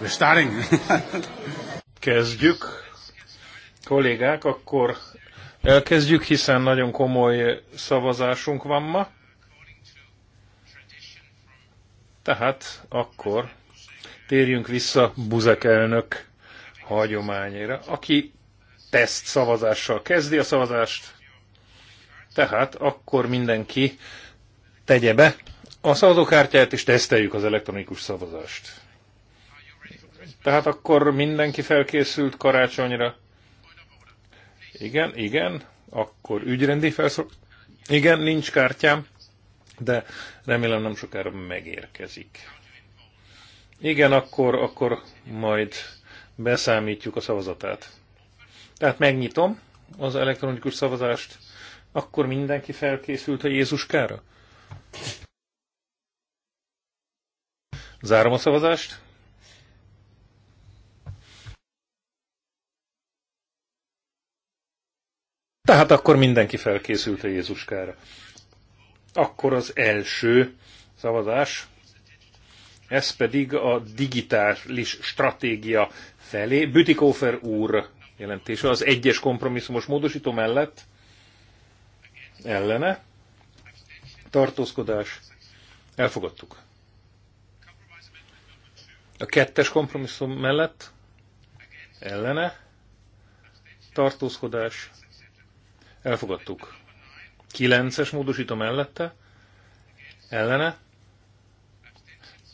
We're starting. Kezdjük. Kollégák, akkor elkezdjük, hiszen nagyon komoly szavazásunk van ma. Tehát akkor térjünk vissza Buzek elnök hagyományára, aki teszt szavazással kezdi a szavazást. Tehát akkor mindenki tegye be a szavazókártyát, és teszteljük az elektronikus szavazást. Tehát akkor mindenki felkészült karácsonyra? Igen, igen, akkor ügyrendi felszok. Igen, nincs kártyám, de remélem nem sokára megérkezik. Igen, akkor, akkor majd beszámítjuk a szavazatát. Tehát megnyitom az elektronikus szavazást, akkor mindenki felkészült a Jézuskára? Zárom a szavazást. Tehát akkor mindenki felkészült a Jézuskára. Akkor az első szavazás, ez pedig a digitális stratégia felé. Bütikófer úr jelentése az egyes kompromisszumos módosító mellett ellene. Tartózkodás. Elfogadtuk. A kettes kompromisszum mellett ellene. Tartózkodás. Elfogadtuk. Kilences es módosító mellette. Ellene.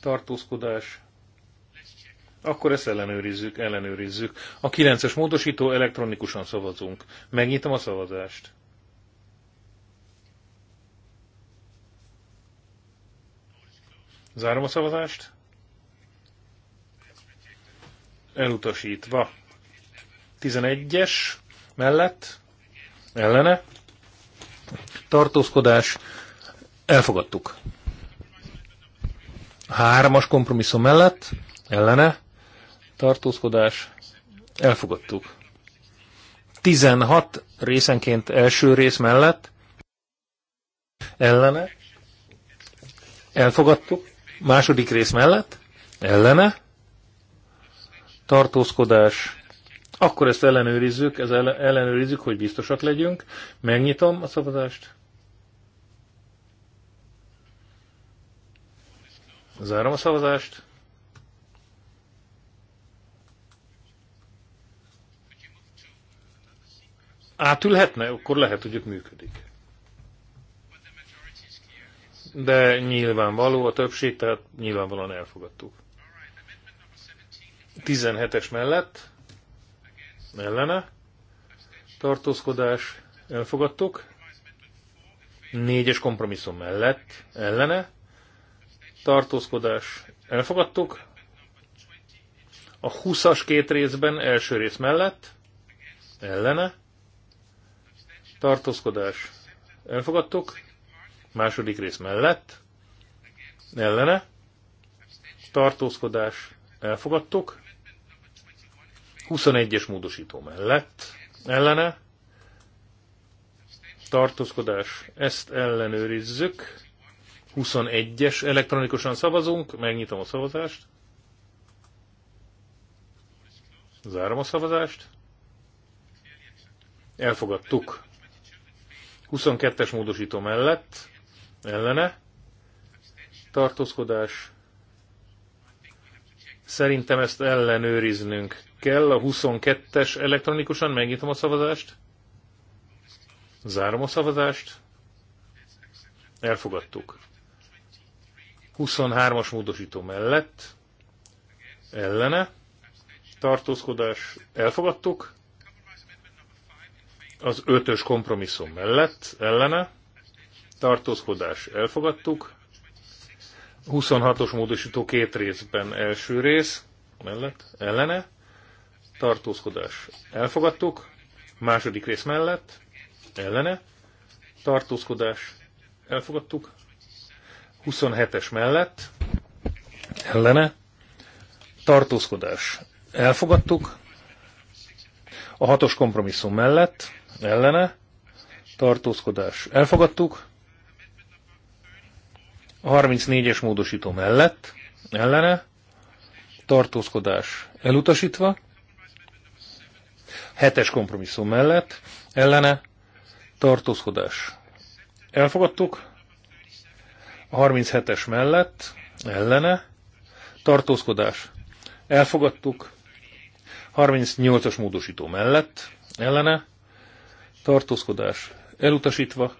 Tartózkodás. Akkor ezt ellenőrizzük, ellenőrizzük. A kilences módosító elektronikusan szavazunk. Megnyitom a szavazást. Zárom a szavazást. Elutasítva. 11-es mellett ellene, tartózkodás, elfogadtuk. Hármas kompromisszum mellett, ellene, tartózkodás, elfogadtuk. 16 részenként első rész mellett, ellene, elfogadtuk, második rész mellett, ellene, tartózkodás, akkor ezt ellenőrizzük, ez ellenőrizzük, hogy biztosak legyünk. Megnyitom a szavazást. Zárom a szavazást. Átülhetne? Akkor lehet, hogy ott működik. De nyilvánvaló a többség, tehát nyilvánvalóan elfogadtuk. 17-es mellett ellene, tartózkodás, elfogadtuk, négyes kompromisszum mellett, ellene, tartózkodás, elfogadtuk, a 20-as két részben első rész mellett, ellene, tartózkodás, elfogadtuk, második rész mellett, ellene, tartózkodás, elfogadtuk, 21-es módosító mellett ellene tartózkodás, ezt ellenőrizzük. 21-es elektronikusan szavazunk, megnyitom a szavazást. Zárom a szavazást. Elfogadtuk. 22-es módosító mellett, ellene, tartózkodás, Szerintem ezt ellenőriznünk kell. A 22-es elektronikusan megnyitom a szavazást. Zárom a szavazást. Elfogadtuk. 23-as módosító mellett. Ellene. Tartózkodás. Elfogadtuk. Az 5 5-ös kompromisszum mellett. Ellene. Tartózkodás. Elfogadtuk. 26-os módosító két részben. Első rész mellett, ellene, tartózkodás. Elfogadtuk. Második rész mellett, ellene, tartózkodás. Elfogadtuk. 27-es mellett, ellene, tartózkodás. Elfogadtuk. A hatos kompromisszum mellett, ellene, tartózkodás. Elfogadtuk. A 34-es módosító mellett, ellene, tartózkodás elutasítva, 7-es kompromisszum mellett, ellene, tartózkodás elfogadtuk, a 37-es mellett, ellene, tartózkodás elfogadtuk, 38-as módosító mellett, ellene, tartózkodás elutasítva,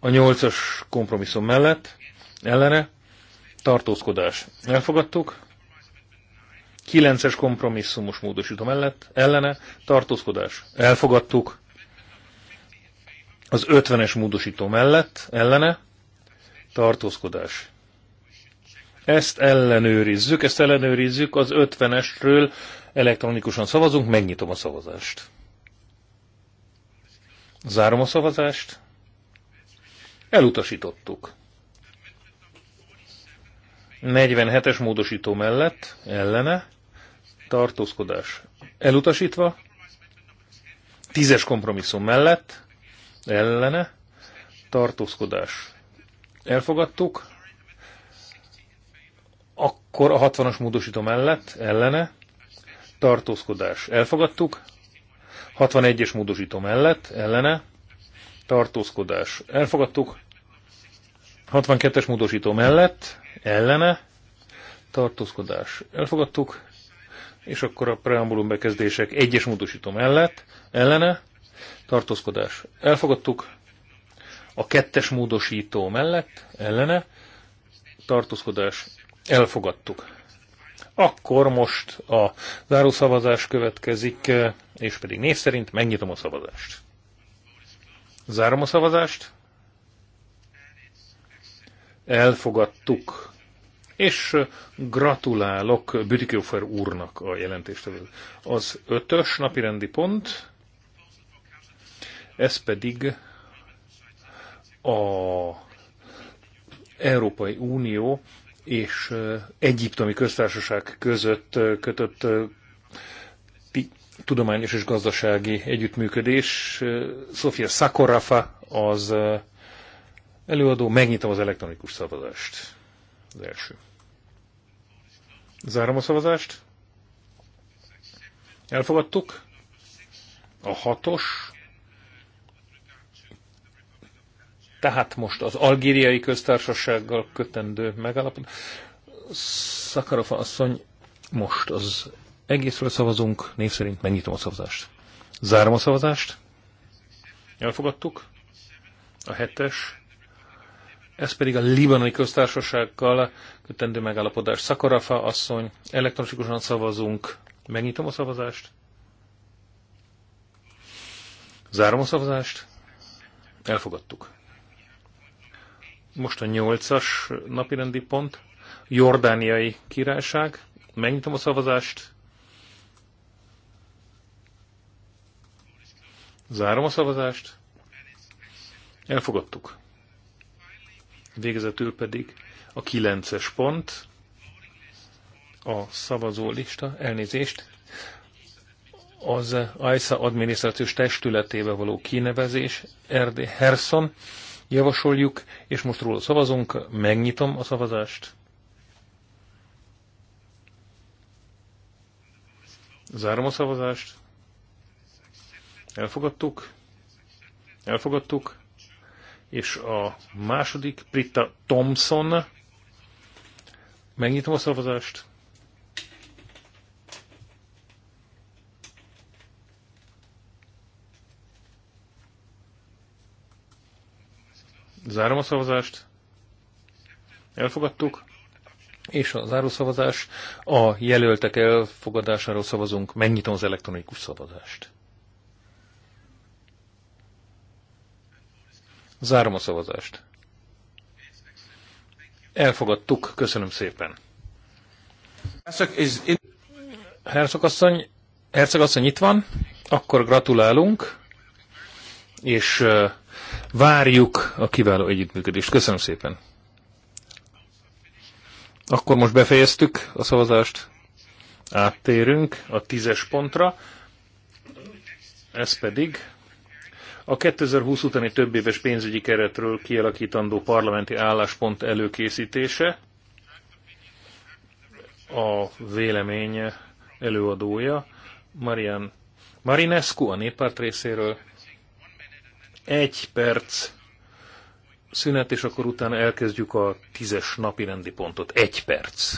a 8-as kompromisszum mellett, ellene, tartózkodás elfogadtuk, 9-es kompromisszumos módosító mellett, ellene, tartózkodás elfogadtuk, az 50-es módosító mellett, ellene, tartózkodás. Ezt ellenőrizzük, ezt ellenőrizzük, az 50-esről elektronikusan szavazunk, megnyitom a szavazást. Zárom a szavazást. Elutasítottuk. 47-es módosító mellett ellene tartózkodás elutasítva, 10-es kompromisszum mellett ellene tartózkodás elfogadtuk, akkor a 60-as módosító mellett ellene tartózkodás elfogadtuk, 61-es módosító mellett ellene tartózkodás elfogadtuk, 62-es módosító mellett, ellene, tartózkodás. Elfogadtuk, és akkor a preambulum bekezdések egyes módosító mellett, ellene, tartózkodás. Elfogadtuk, a kettes módosító mellett, ellene, tartózkodás. Elfogadtuk. Akkor most a zárószavazás következik, és pedig név szerint megnyitom a szavazást. Zárom a szavazást elfogadtuk. És gratulálok Büdikófer úrnak a jelentéstevő. Az ötös napirendi pont, ez pedig a Európai Unió és Egyiptomi Köztársaság között kötött tudományos és gazdasági együttműködés. Sofia Sakorafa az Előadó, megnyitom az elektronikus szavazást. Az első. Zárom a szavazást. Elfogadtuk. A hatos. Tehát most az algériai köztársasággal kötendő megállapodás. Szakarofa asszony, most az egészről szavazunk, név szerint megnyitom a szavazást. Zárom a szavazást. Elfogadtuk. A hetes ez pedig a libanoni köztársasággal kötendő megállapodás. Szakarafa asszony, elektronikusan szavazunk. Megnyitom a szavazást. Zárom a szavazást. Elfogadtuk. Most a nyolcas napirendi pont. Jordániai királyság. Megnyitom a szavazást. Zárom a szavazást. Elfogadtuk. Végezetül pedig a kilences pont, a szavazó lista, elnézést, az AISA adminisztrációs testületébe való kinevezés, Erdi Herson, javasoljuk, és most róla szavazunk, megnyitom a szavazást. Zárom a szavazást. Elfogadtuk. Elfogadtuk és a második Britta Thompson. Megnyitom a szavazást. Zárom a szavazást. Elfogadtuk. És a zárószavazás a jelöltek elfogadásáról szavazunk. Megnyitom az elektronikus szavazást. Zárom a szavazást. Elfogadtuk, köszönöm szépen. Hercogasszony, Hercogasszony itt van, akkor gratulálunk, és várjuk a kiváló együttműködést. Köszönöm szépen. Akkor most befejeztük a szavazást, áttérünk a tízes pontra, ez pedig a 2020 utáni több éves pénzügyi keretről kialakítandó parlamenti álláspont előkészítése, a vélemény előadója, Marian Marinescu a néppárt részéről. Egy perc szünet, és akkor utána elkezdjük a tízes napi rendi pontot. Egy perc.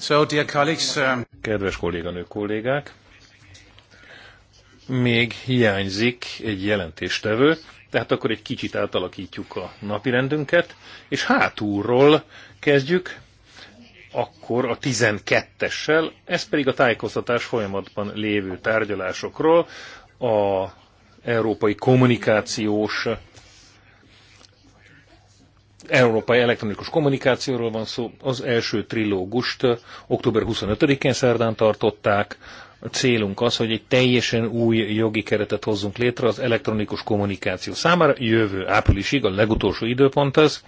So, dear colleagues, um, Kedves kolléganők, kollégák, még hiányzik egy jelentéstevő, tehát akkor egy kicsit átalakítjuk a napirendünket, és hátulról kezdjük, akkor a 12-essel, ez pedig a tájékoztatás folyamatban lévő tárgyalásokról, a európai kommunikációs európai elektronikus kommunikációról van szó. Az első trilógust október 25-én szerdán tartották. A célunk az, hogy egy teljesen új jogi keretet hozzunk létre az elektronikus kommunikáció számára. Jövő áprilisig a legutolsó időpont ez.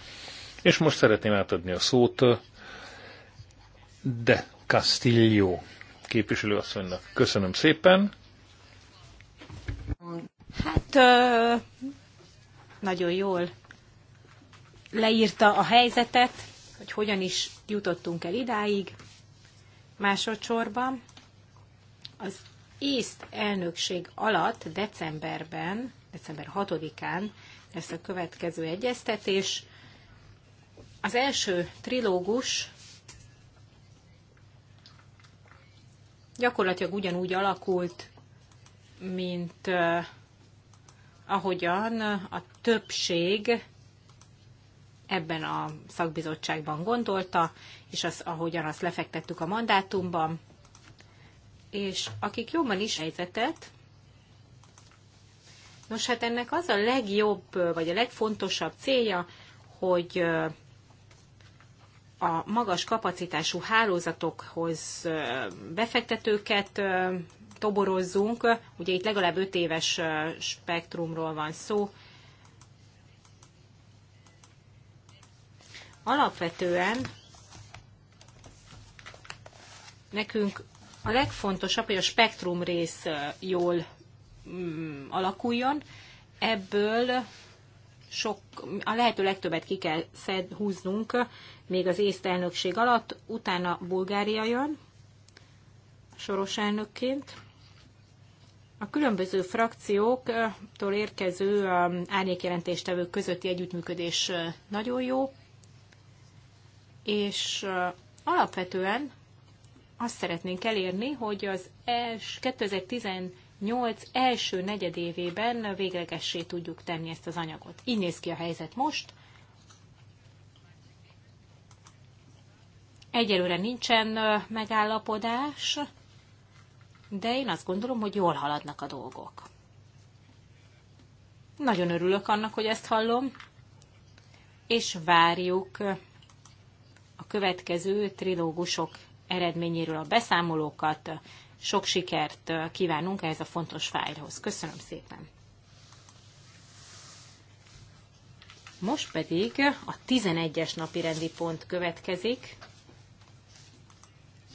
És most szeretném átadni a szót De Castillo képviselőasszonynak. Köszönöm szépen. Hát ö, nagyon jól leírta a helyzetet, hogy hogyan is jutottunk el idáig. Másodszorban az észt elnökség alatt decemberben, december 6-án lesz a következő egyeztetés. Az első trilógus gyakorlatilag ugyanúgy alakult, mint eh, ahogyan a többség ebben a szakbizottságban gondolta, és az, ahogyan azt lefektettük a mandátumban. És akik jobban is helyzetet, most hát ennek az a legjobb, vagy a legfontosabb célja, hogy a magas kapacitású hálózatokhoz befektetőket toborozzunk. Ugye itt legalább 5 éves spektrumról van szó, Alapvetően nekünk a legfontosabb, hogy a spektrum rész jól mm, alakuljon. Ebből sok, a lehető legtöbbet ki kell szed, húznunk még az észt elnökség alatt, utána Bulgária jön, soros elnökként. A különböző frakcióktól érkező árnyékjelentéstevők közötti együttműködés nagyon jó és alapvetően azt szeretnénk elérni, hogy az els, 2018 első negyedévében véglegessé tudjuk tenni ezt az anyagot. Így néz ki a helyzet most. Egyelőre nincsen megállapodás, de én azt gondolom, hogy jól haladnak a dolgok. Nagyon örülök annak, hogy ezt hallom, és várjuk következő trilógusok eredményéről a beszámolókat. Sok sikert kívánunk ehhez a fontos fájlhoz. Köszönöm szépen! Most pedig a 11-es napi rendi pont következik.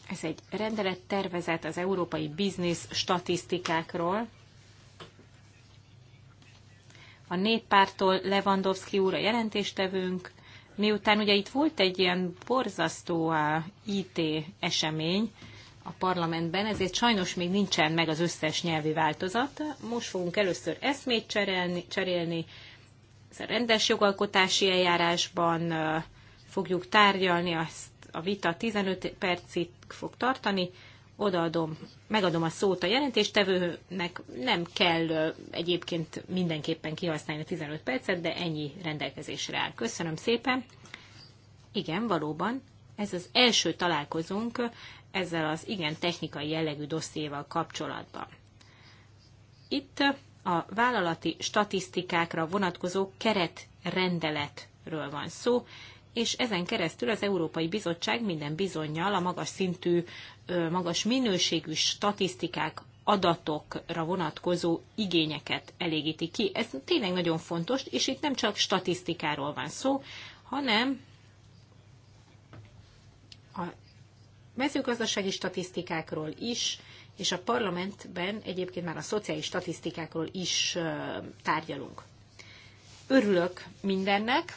Ez egy tervezet az európai biznisz statisztikákról. A néppártól Lewandowski úr a jelentéstevőnk, Miután ugye itt volt egy ilyen borzasztó IT esemény a parlamentben, ezért sajnos még nincsen meg az összes nyelvi változat. Most fogunk először eszmét cserélni, cserélni ez a rendes jogalkotási eljárásban fogjuk tárgyalni, azt a vita 15 percig fog tartani, odaadom, megadom a szót a jelentéstevőnek, nem kell egyébként mindenképpen kihasználni a 15 percet, de ennyi rendelkezésre áll. Köszönöm szépen. Igen, valóban, ez az első találkozunk ezzel az igen technikai jellegű dossziéval kapcsolatban. Itt a vállalati statisztikákra vonatkozó keretrendeletről van szó, és ezen keresztül az Európai Bizottság minden bizonyal a magas szintű, magas minőségű statisztikák adatokra vonatkozó igényeket elégíti ki. Ez tényleg nagyon fontos, és itt nem csak statisztikáról van szó, hanem a mezőgazdasági statisztikákról is, és a parlamentben egyébként már a szociális statisztikákról is tárgyalunk. Örülök mindennek,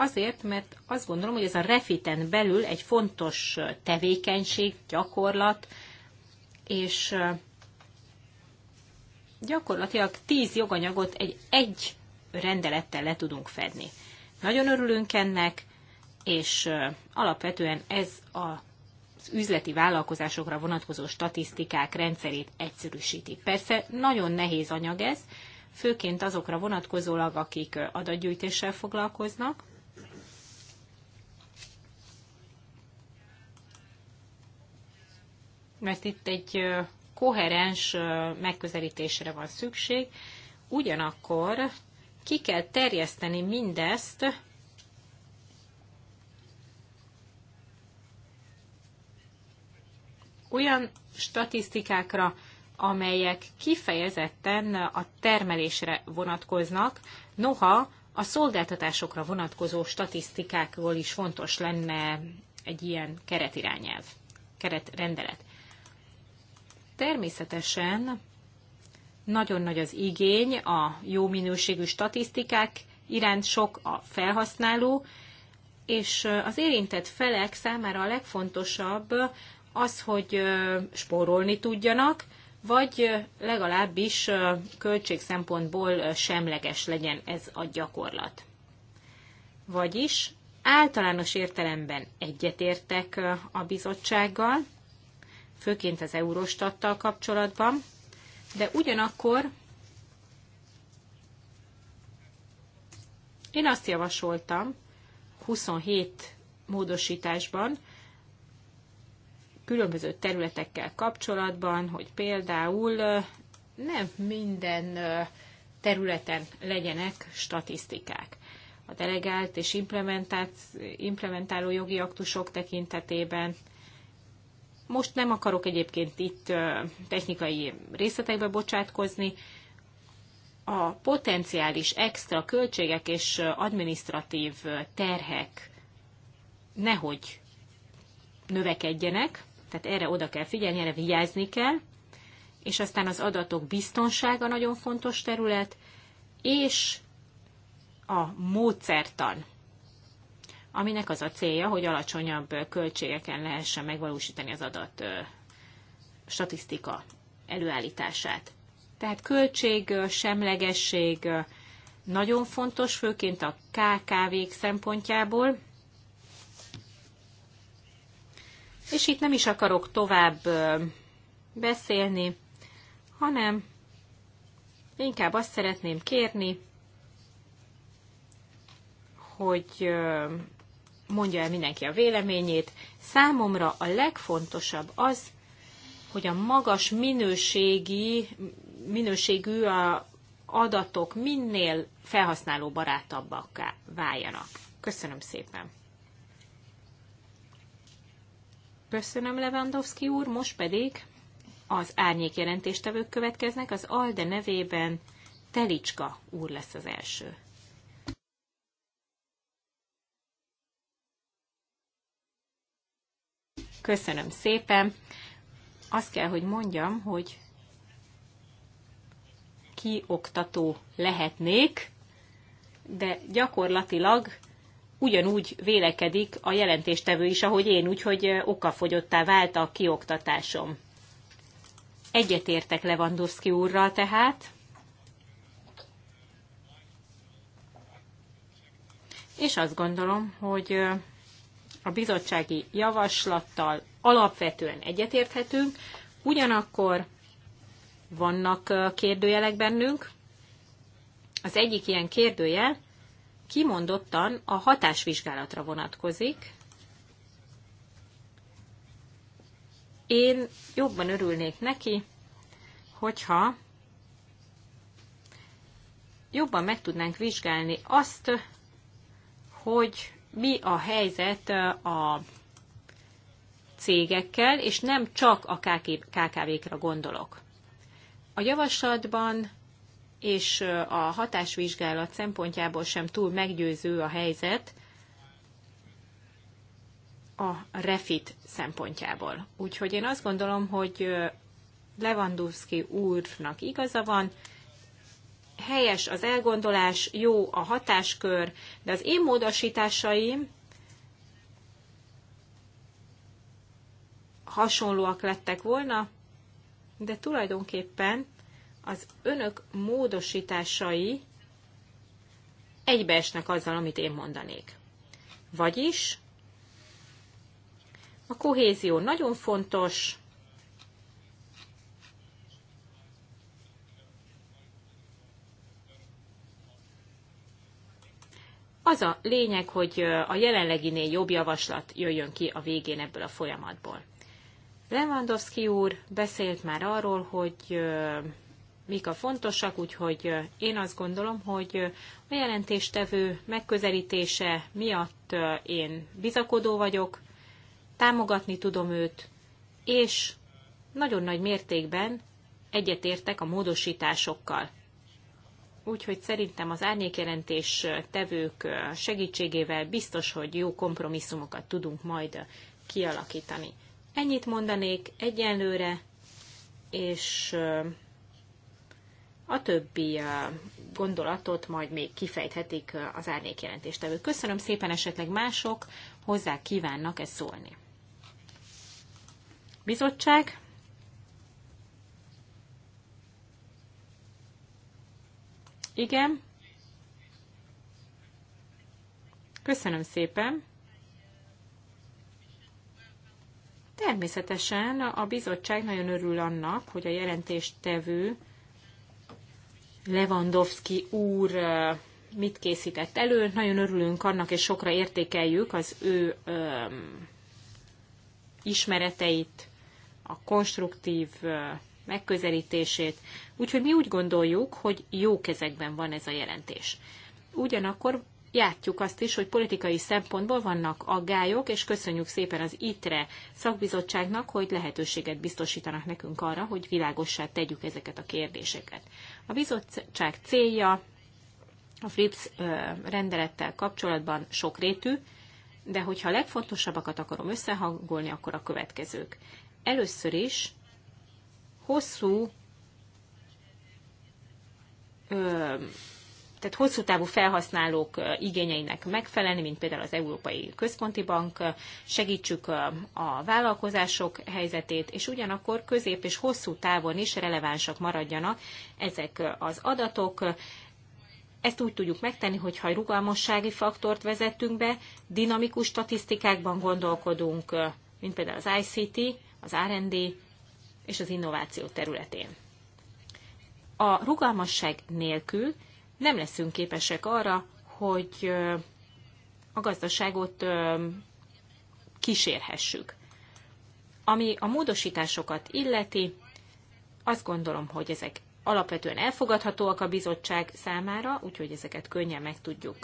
Azért, mert azt gondolom, hogy ez a refiten belül egy fontos tevékenység, gyakorlat, és gyakorlatilag tíz joganyagot egy, egy rendelettel le tudunk fedni. Nagyon örülünk ennek, és alapvetően ez a az üzleti vállalkozásokra vonatkozó statisztikák rendszerét egyszerűsíti. Persze nagyon nehéz anyag ez, főként azokra vonatkozólag, akik adatgyűjtéssel foglalkoznak, mert itt egy koherens megközelítésre van szükség, ugyanakkor ki kell terjeszteni mindezt olyan statisztikákra, amelyek kifejezetten a termelésre vonatkoznak, noha a szolgáltatásokra vonatkozó statisztikákról is fontos lenne egy ilyen keretirányelv, keretrendelet. Természetesen nagyon nagy az igény a jó minőségű statisztikák iránt sok a felhasználó, és az érintett felek számára a legfontosabb az, hogy spórolni tudjanak, vagy legalábbis költség szempontból semleges legyen ez a gyakorlat. Vagyis általános értelemben egyetértek a bizottsággal, főként az Eurostattal kapcsolatban, de ugyanakkor én azt javasoltam 27 módosításban, különböző területekkel kapcsolatban, hogy például nem minden területen legyenek statisztikák. A delegált és implementáló jogi aktusok tekintetében most nem akarok egyébként itt technikai részletekbe bocsátkozni. A potenciális extra költségek és administratív terhek nehogy növekedjenek, tehát erre oda kell figyelni, erre vigyázni kell, és aztán az adatok biztonsága nagyon fontos terület, és a módszertan aminek az a célja, hogy alacsonyabb költségeken lehessen megvalósítani az adat statisztika előállítását. Tehát költség, semlegesség nagyon fontos, főként a kkv szempontjából. És itt nem is akarok tovább beszélni, hanem inkább azt szeretném kérni, hogy mondja el mindenki a véleményét. Számomra a legfontosabb az, hogy a magas minőségi, minőségű a adatok minél barátabbakká váljanak. Köszönöm szépen! Köszönöm, Lewandowski úr, most pedig az árnyék jelentéstevők következnek, az ALDE nevében Telicska úr lesz az első. Köszönöm szépen. Azt kell, hogy mondjam, hogy kioktató lehetnék, de gyakorlatilag ugyanúgy vélekedik a jelentéstevő is, ahogy én, úgyhogy okafogyottá vált a kioktatásom. Egyetértek Lewandowski úrral tehát, és azt gondolom, hogy a bizottsági javaslattal alapvetően egyetérthetünk, ugyanakkor vannak kérdőjelek bennünk. Az egyik ilyen kérdőjel kimondottan a hatásvizsgálatra vonatkozik. Én jobban örülnék neki, hogyha jobban meg tudnánk vizsgálni azt, hogy mi a helyzet a cégekkel, és nem csak a KKV-kra gondolok. A javaslatban és a hatásvizsgálat szempontjából sem túl meggyőző a helyzet a refit szempontjából. Úgyhogy én azt gondolom, hogy Lewandowski úrnak igaza van, helyes az elgondolás, jó a hatáskör, de az én módosításaim hasonlóak lettek volna, de tulajdonképpen az önök módosításai egybeesnek azzal, amit én mondanék. Vagyis a kohézió nagyon fontos, Az a lényeg, hogy a jelenleginél jobb javaslat jöjjön ki a végén ebből a folyamatból. Lewandowski úr beszélt már arról, hogy mik a fontosak, úgyhogy én azt gondolom, hogy a jelentéstevő megközelítése miatt én bizakodó vagyok, támogatni tudom őt, és nagyon nagy mértékben egyetértek a módosításokkal. Úgyhogy szerintem az árnyékjelentés tevők segítségével biztos, hogy jó kompromisszumokat tudunk majd kialakítani. Ennyit mondanék egyenlőre, és a többi gondolatot majd még kifejthetik az tevők. Köszönöm szépen, esetleg mások hozzá kívánnak e szólni. Bizottság, Igen. Köszönöm szépen. Természetesen a bizottság nagyon örül annak, hogy a jelentéstevő Lewandowski úr mit készített elő. Nagyon örülünk annak, és sokra értékeljük az ő ismereteit, a konstruktív megközelítését. Úgyhogy mi úgy gondoljuk, hogy jó kezekben van ez a jelentés. Ugyanakkor játjuk azt is, hogy politikai szempontból vannak aggályok, és köszönjük szépen az ITRE szakbizottságnak, hogy lehetőséget biztosítanak nekünk arra, hogy világossá tegyük ezeket a kérdéseket. A bizottság célja a FRIPS rendelettel kapcsolatban sokrétű, de hogyha a legfontosabbakat akarom összehangolni, akkor a következők. Először is hosszú tehát hosszú távú felhasználók igényeinek megfelelni, mint például az Európai Központi Bank, segítsük a vállalkozások helyzetét, és ugyanakkor közép és hosszú távon is relevánsak maradjanak ezek az adatok. Ezt úgy tudjuk megtenni, hogyha rugalmassági faktort vezetünk be, dinamikus statisztikákban gondolkodunk, mint például az ICT, az R&D és az innováció területén. A rugalmasság nélkül nem leszünk képesek arra, hogy a gazdaságot kísérhessük. Ami a módosításokat illeti, azt gondolom, hogy ezek alapvetően elfogadhatóak a bizottság számára, úgyhogy ezeket könnyen meg tudjuk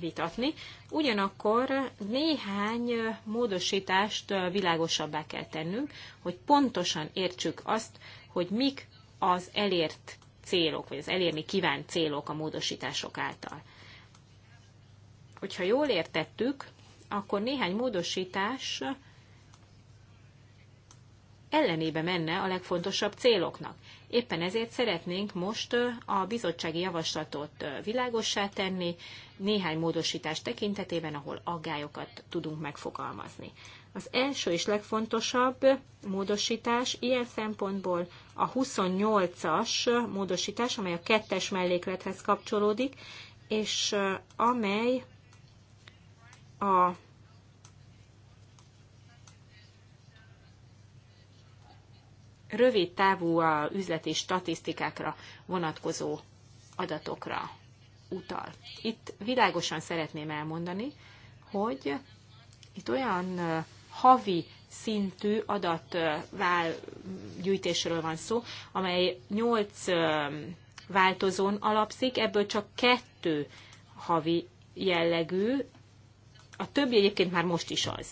vitatni. Ugyanakkor néhány módosítást világosabbá kell tennünk, hogy pontosan értsük azt, hogy mik az elért célok, vagy az elérni kívánt célok a módosítások által. Hogyha jól értettük, akkor néhány módosítás ellenébe menne a legfontosabb céloknak. Éppen ezért szeretnénk most a bizottsági javaslatot világossá tenni, néhány módosítás tekintetében, ahol aggályokat tudunk megfogalmazni. Az első és legfontosabb módosítás ilyen szempontból a 28-as módosítás, amely a kettes melléklethez kapcsolódik, és amely a rövid távú a üzleti statisztikákra vonatkozó adatokra utal. Itt világosan szeretném elmondani, hogy itt olyan havi szintű adatgyűjtésről van szó, amely 8 változón alapszik, ebből csak kettő havi jellegű, a többi egyébként már most is az.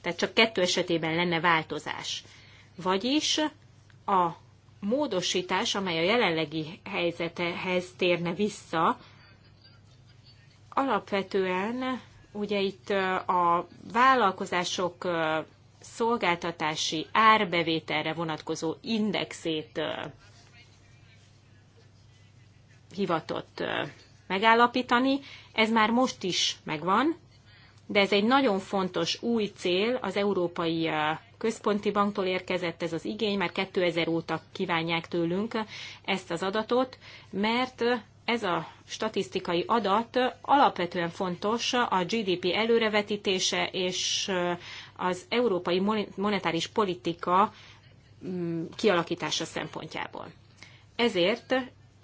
Tehát csak kettő esetében lenne változás. Vagyis a módosítás, amely a jelenlegi helyzetehez térne vissza, alapvetően ugye itt a vállalkozások szolgáltatási árbevételre vonatkozó indexét hivatott megállapítani. Ez már most is megvan, de ez egy nagyon fontos új cél, az Európai eh, Központi Banktól érkezett ez az igény, már 2000 óta kívánják tőlünk eh, ezt az adatot, mert eh, ez a statisztikai adat alapvetően fontos a GDP előrevetítése és az európai monetáris politika mm, kialakítása szempontjából. Ezért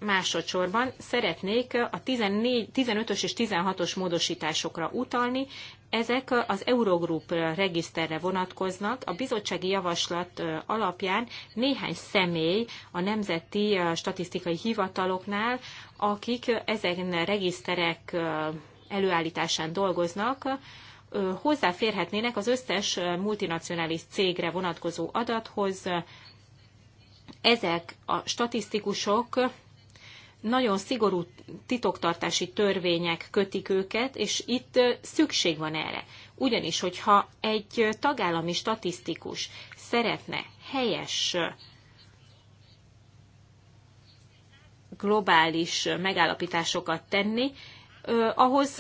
Másodszorban szeretnék a 14, 15-ös és 16-os módosításokra utalni. Ezek az Eurogroup regiszterre vonatkoznak. A bizottsági javaslat alapján néhány személy a nemzeti statisztikai hivataloknál, akik ezen regiszterek előállításán dolgoznak, hozzáférhetnének az összes multinacionális cégre vonatkozó adathoz. Ezek a statisztikusok nagyon szigorú titoktartási törvények kötik őket, és itt szükség van erre. Ugyanis, hogyha egy tagállami statisztikus szeretne helyes globális megállapításokat tenni, ahhoz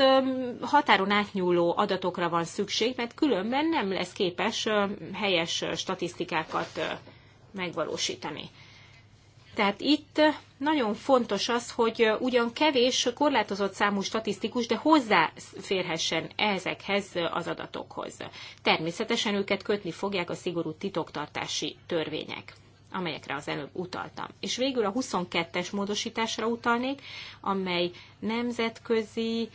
határon átnyúló adatokra van szükség, mert különben nem lesz képes helyes statisztikákat megvalósítani. Tehát itt nagyon fontos az, hogy ugyan kevés, korlátozott számú statisztikus, de hozzáférhessen ezekhez az adatokhoz. Természetesen őket kötni fogják a szigorú titoktartási törvények amelyekre az előbb utaltam. És végül a 22-es módosításra utalnék, amely nemzetközi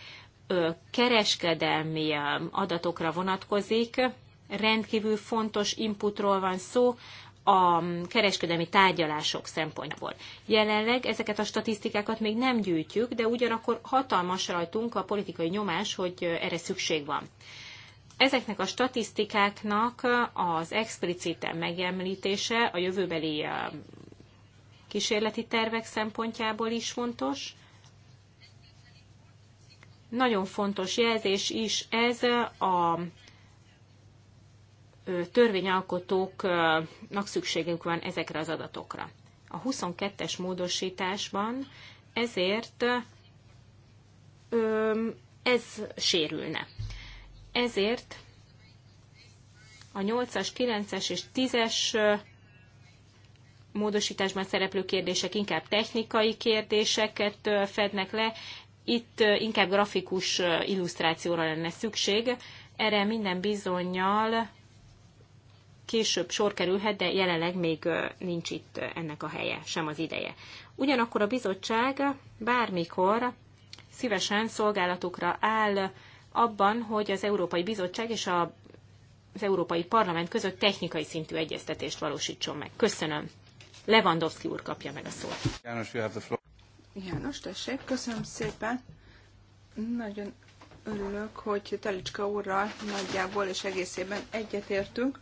kereskedelmi adatokra vonatkozik. Rendkívül fontos inputról van szó, a kereskedelmi tárgyalások szempontjából. Jelenleg ezeket a statisztikákat még nem gyűjtjük, de ugyanakkor hatalmas rajtunk a politikai nyomás, hogy erre szükség van. Ezeknek a statisztikáknak az expliciten megemlítése a jövőbeli kísérleti tervek szempontjából is fontos. Nagyon fontos jelzés is ez a törvényalkotóknak szükségük van ezekre az adatokra. A 22-es módosításban ezért ez sérülne. Ezért a 8-as, 9-es és 10-es módosításban szereplő kérdések inkább technikai kérdéseket fednek le, itt inkább grafikus illusztrációra lenne szükség. Erre minden bizonyal később sor kerülhet, de jelenleg még nincs itt ennek a helye, sem az ideje. Ugyanakkor a bizottság bármikor szívesen szolgálatukra áll abban, hogy az Európai Bizottság és a, az Európai Parlament között technikai szintű egyeztetést valósítson meg. Köszönöm. Lewandowski úr kapja meg a szót. János, you have the floor. János, tessék, köszönöm szépen. Nagyon örülök, hogy Telicska úrral nagyjából és egészében egyetértünk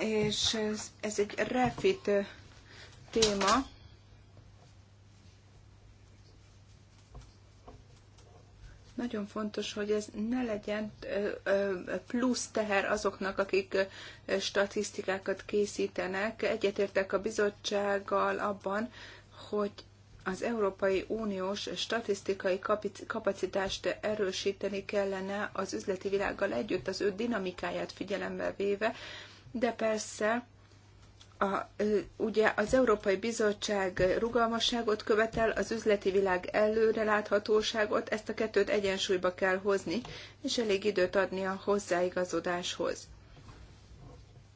és ez, ez egy refit téma. Nagyon fontos, hogy ez ne legyen plusz teher azoknak, akik statisztikákat készítenek. Egyetértek a bizottsággal abban, hogy az Európai Uniós statisztikai kapacitást erősíteni kellene az üzleti világgal együtt, az ő dinamikáját figyelembe véve, de persze a, ugye az Európai Bizottság rugalmasságot követel, az üzleti világ előreláthatóságot, ezt a kettőt egyensúlyba kell hozni, és elég időt adni a hozzáigazodáshoz.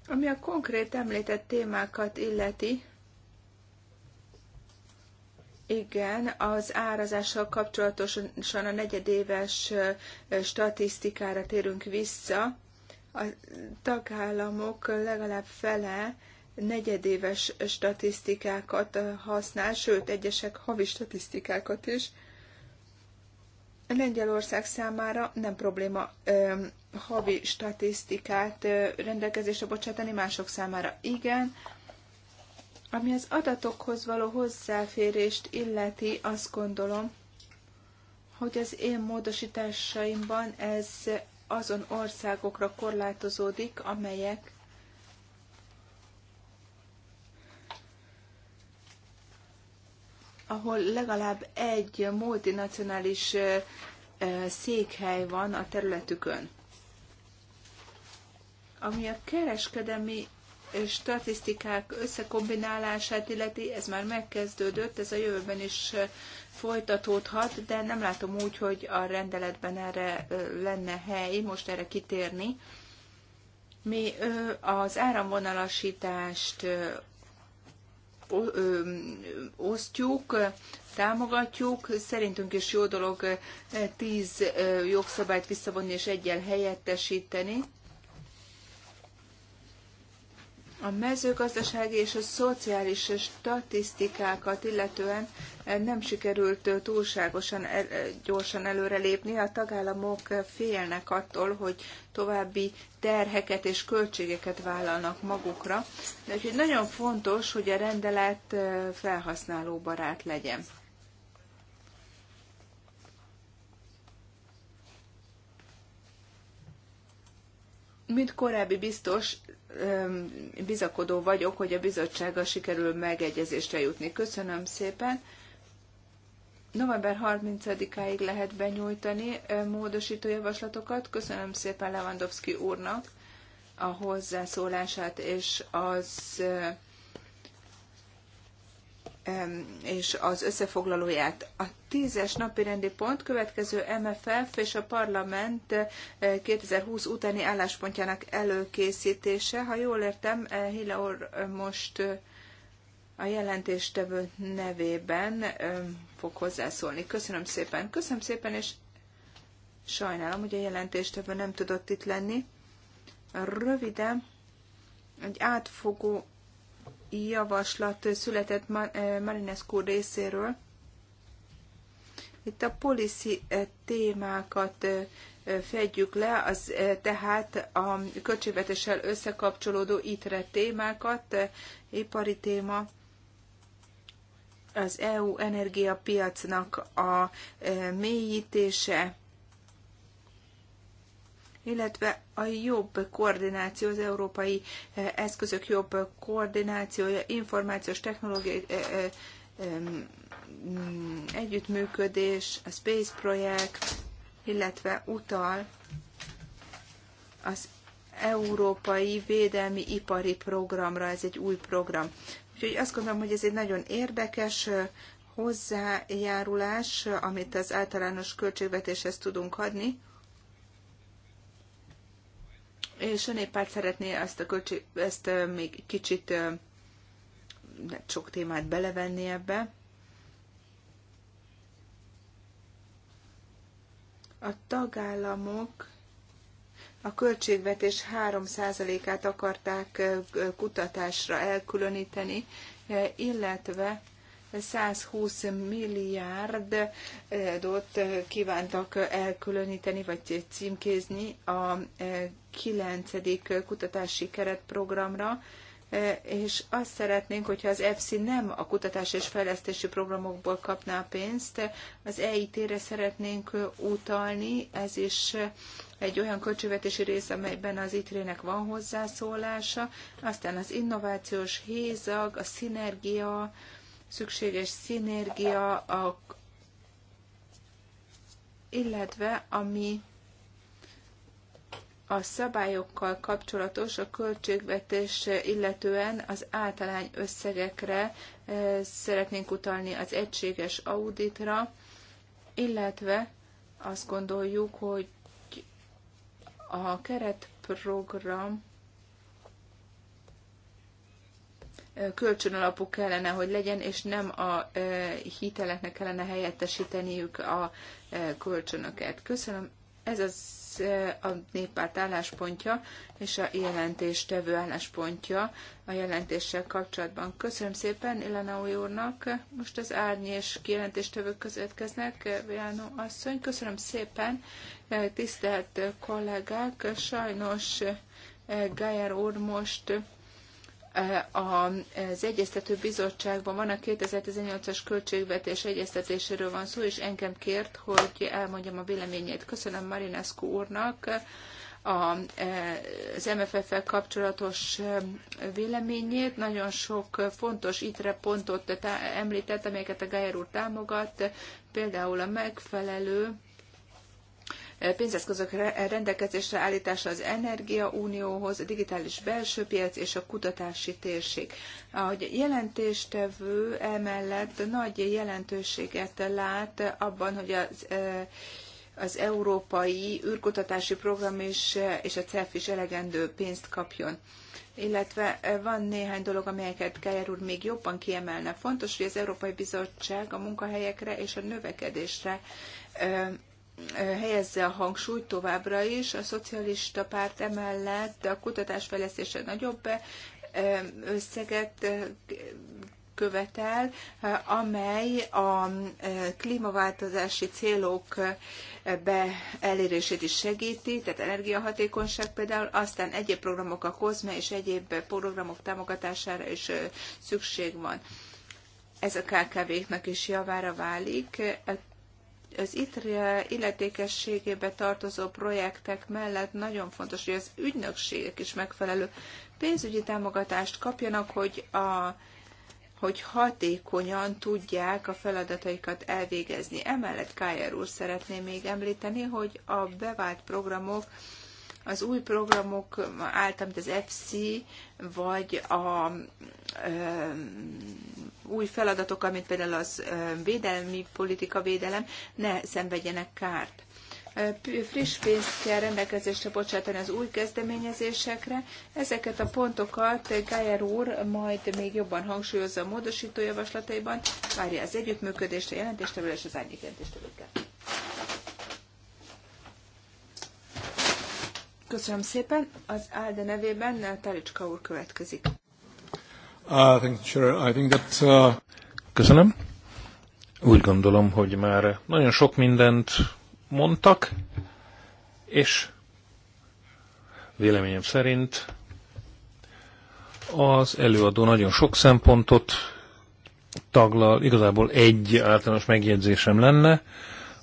Ami a konkrét említett témákat illeti, igen, az árazással kapcsolatosan a negyedéves statisztikára térünk vissza a tagállamok legalább fele negyedéves statisztikákat használ, sőt, egyesek havi statisztikákat is. Lengyelország számára nem probléma ö, havi statisztikát ö, rendelkezésre bocsátani, mások számára igen. Ami az adatokhoz való hozzáférést illeti, azt gondolom, hogy az én módosításaimban ez azon országokra korlátozódik, amelyek ahol legalább egy multinacionális székhely van a területükön. Ami a kereskedelmi statisztikák összekombinálását illeti, ez már megkezdődött, ez a jövőben is folytatódhat, de nem látom úgy, hogy a rendeletben erre lenne hely, most erre kitérni. Mi az áramvonalasítást osztjuk, támogatjuk. Szerintünk is jó dolog tíz jogszabályt visszavonni és egyel helyettesíteni. A mezőgazdasági és a szociális statisztikákat illetően eh, nem sikerült eh, túlságosan eh, gyorsan előrelépni. A tagállamok félnek attól, hogy további terheket és költségeket vállalnak magukra. De úgyhogy nagyon fontos, hogy a rendelet felhasználóbarát legyen. Mint korábbi biztos, bizakodó vagyok, hogy a bizottsággal sikerül megegyezésre jutni. Köszönöm szépen. November 30-áig lehet benyújtani módosító javaslatokat. Köszönöm szépen Lewandowski úrnak a hozzászólását és az és az összefoglalóját. A tízes napi rendi pont következő MFF és a parlament 2020 eh, utáni álláspontjának előkészítése. Ha jól értem, úr eh, eh, most a jelentéstevő nevében fog hozzászólni. Köszönöm szépen. Köszönöm szépen, és sajnálom, hogy a jelentéstevő nem tudott itt lenni. Röviden egy átfogó javaslat született eh, Marinescu részéről. Itt a policy eh, témákat eh, fedjük le, az, tehát a költségvetéssel összekapcsolódó ITRE témákat, ipari téma, az EU energiapiacnak a mélyítése, illetve a jobb koordináció, az európai eh, eszközök jobb koordinációja, információs technológiai eh, eh, mm, együttműködés, a Space projekt, illetve utal az Európai Védelmi Ipari Programra, ez egy új program. Úgyhogy azt gondolom, hogy ez egy nagyon érdekes hozzájárulás, amit az általános költségvetéshez tudunk adni és a néppárt szeretné ezt, a költség, ezt még kicsit sok témát belevenni ebbe. A tagállamok a költségvetés 3%-át akarták kutatásra elkülöníteni, illetve 120 milliárdot eh, eh, kívántak elkülöníteni, vagy címkézni a 9. Eh, kutatási keretprogramra, és azt szeretnénk, hogyha az EFSI nem a kutatás és fejlesztési programokból kapná pénzt, az EIT-re szeretnénk utalni, ez is egy olyan költségvetési rész, amelyben az ITRE-nek van hozzászólása, aztán az innovációs hézag, a szinergia, szükséges szinergia, a, illetve ami a szabályokkal kapcsolatos a költségvetés, illetően az általány összegekre eh, szeretnénk utalni az egységes auditra, illetve azt gondoljuk, hogy a keretprogram kölcsönalapú kellene, hogy legyen, és nem a hiteleknek kellene helyettesíteniük a kölcsönöket. Köszönöm. Ez az a néppárt álláspontja és a jelentéstevő álláspontja a jelentéssel kapcsolatban. Köszönöm szépen Ilana új úrnak. Most az árny és kijelentéstevők következnek. Vilánó asszony, köszönöm szépen. Tisztelt kollégák, sajnos Gájár úr most az Egyeztető Bizottságban van a 2018-as költségvetés egyeztetéséről van szó, és engem kért, hogy elmondjam a véleményét. Köszönöm Marinescu úrnak az MFF-fel kapcsolatos véleményét. Nagyon sok fontos itre pontot említett, amelyeket a Gájer úr támogat, például a megfelelő pénzeszközök eh, rendelkezésre állítása az energiaunióhoz, a digitális belső piac és a kutatási térség. A jelentéstevő emellett nagy jelentőséget lát abban, hogy az eh, az európai űrkutatási program is, eh, és a CEF is elegendő pénzt kapjon. Illetve van néhány dolog, amelyeket Geyer úr még jobban kiemelne. Fontos, hogy az Európai Bizottság a munkahelyekre és a növekedésre helyezze a hangsúlyt továbbra is. A szocialista párt emellett a kutatásfejlesztésre nagyobb összeget követel, amely a klímaváltozási célok be elérését is segíti, tehát energiahatékonyság például, aztán egyéb programok, a COSME és egyéb programok támogatására is szükség van. Ez a KKV-knak is javára válik az ITRE illetékességébe tartozó projektek mellett nagyon fontos, hogy az ügynökségek is megfelelő pénzügyi támogatást kapjanak, hogy, a, hogy hatékonyan tudják a feladataikat elvégezni. Emellett Kájer úr szeretné még említeni, hogy a bevált programok az új programok által, mint az FC, vagy a ö, új feladatok, amit például az védelmi politika védelem, ne szenvedjenek kárt friss pénzt kell rendelkezésre bocsátani az új kezdeményezésekre. Ezeket a pontokat Gájer úr majd még jobban hangsúlyozza a módosító javaslataiban. Várja az együttműködést, a jelentéstevő és az árnyékjelentéstevőket. Köszönöm szépen. Az Álde nevében Talicska úr következik. Uh, think, sure. I think that, uh... Köszönöm. Úgy gondolom, hogy már nagyon sok mindent mondtak, és véleményem szerint az előadó nagyon sok szempontot taglal, igazából egy általános megjegyzésem lenne,